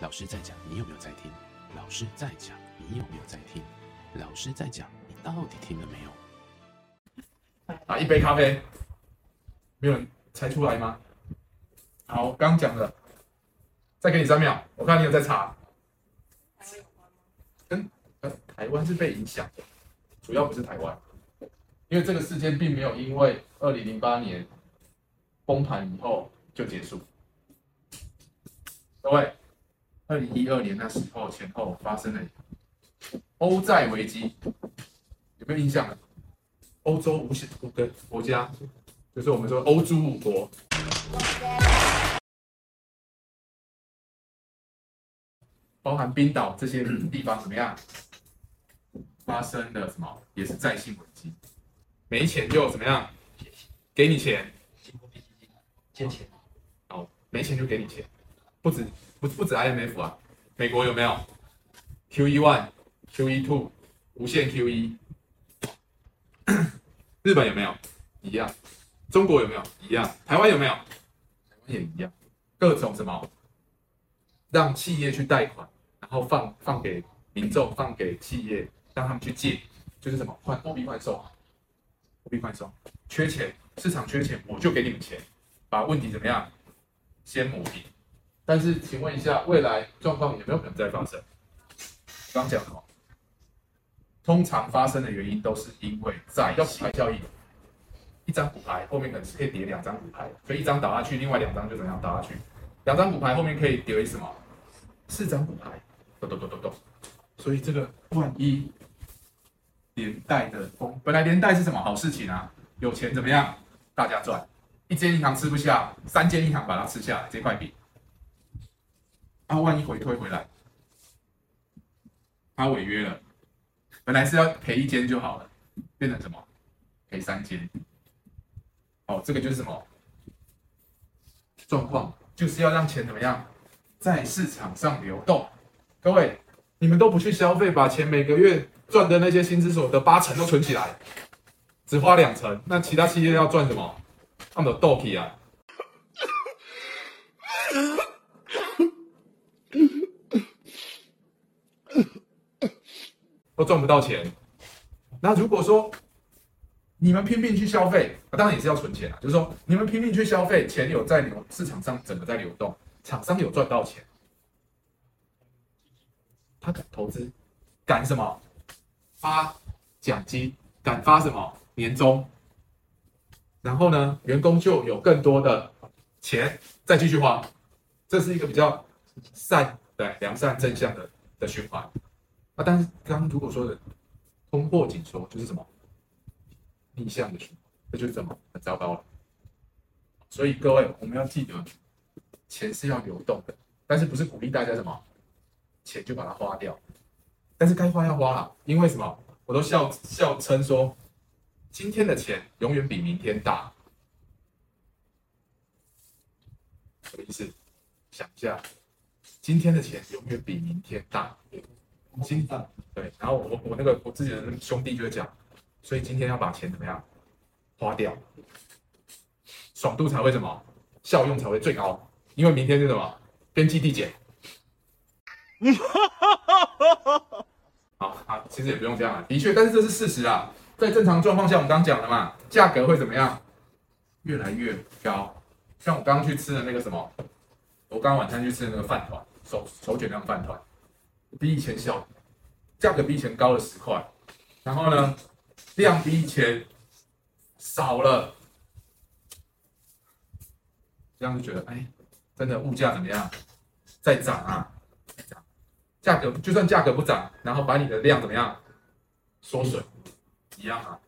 老師在講，你有沒有在聽？老師在講，你有沒有在聽？老師在講，你到底聽了沒有？啊！一杯咖啡，沒有人猜出來嗎？好，剛講的，再給你三秒，我看你有在查。台灣嗎？嗯，台灣是被影響的，主要不是台灣，因為這個事件並沒有因為2008年崩盤以後就結束。各位。二零一二年，那時候前後發生了歐債危機，有沒有印象？歐洲五險五個國家，就是我們說歐洲五國，包含冰島這些地方怎麼樣？嗯、發生了什麼？也是債信危機，沒錢就怎麼樣？給你錢，錢，哦，沒錢就給你錢。不止，不，不止 IMF 啊，美國有沒有 QE one、QE two、無限 QE， 日本有沒有？一樣。中國有沒有？一樣。台灣有沒有？台灣也一樣。各種什麼？讓企業去貸款，然後放放給民眾，放給企業，讓他們去借，就是什麼？貨幣寬鬆啊，貨幣寬鬆，缺錢，市場缺錢，我就給你們錢，把問題怎麼樣？先抹平。但是，請問一下，未來狀況有沒有可能再發生？剛講哦，通常發生的原因都是因為在要骨牌效應，一張骨牌後面可能是可以疊兩張骨牌，所以一張倒下去，另外兩張就怎樣倒下去。兩張骨牌後面可以疊為什麼？四張骨牌，咚咚咚咚咚。所以這個萬一連帶的風，本來連帶是什麼好事情啊？有錢怎麼樣？大家賺，一間銀行吃不下，三間銀行把它吃下來，這塊餅。他萬一回推回來，他違約了，本來是要賠一間就好了，變成什麼？賠三間。好、哦，這個就是什麼狀況？就是要讓錢怎麼樣在市場上流動。各位，你們都不去消費，把錢每個月賺的那些薪資所得八成都存起來，只花兩成，那其他企業要賺什麼？他們都倒閉啊！ 都賺不到錢，那如果說你們拼命去消費，啊、當然也是要存錢，就是說，你們拼命去消費，錢有在流市場上整個在流動，廠商有賺到錢，他敢投資，敢什麼發獎金，敢發什麼年終，然後呢，員工就有更多的錢再繼續花，這是一個比較善對良善正向的的循環。啊，但是剛剛如果說的通貨緊縮就是什麼逆向的循環，那就是什麼很糟糕了。所以各位，我們要記得錢是要流動的，但是不是鼓勵大家什麼錢就把它花掉？但是該花要花了，因為什麼？我都笑笑稱說，今天的錢永遠比明天大。什麼意思？想一下，今天的錢永遠比明天大，心對，然後我我，我那個我自己的兄弟就會講，所以今天要把錢怎麼樣花掉，爽度才會什麼效用才會最高，因為明天是什麼邊際遞減。哈哈哈哈哈！好，啊，其實也不用這樣啊，的確，但是這是事實啊，在正常狀況下，我們剛，剛講了嘛，價格會怎麼樣越來越高，像我剛剛去吃的那個什麼，我剛剛晚餐去吃的那個飯糰，手手卷那樣飯糰。比以前小，價格比以前高了十塊，然後呢，量比以前少了，這樣就覺得，哎、欸，真的物價怎麼樣？在漲啊，價格就算價格不漲，然後把你的量怎麼樣？縮水，一樣啊。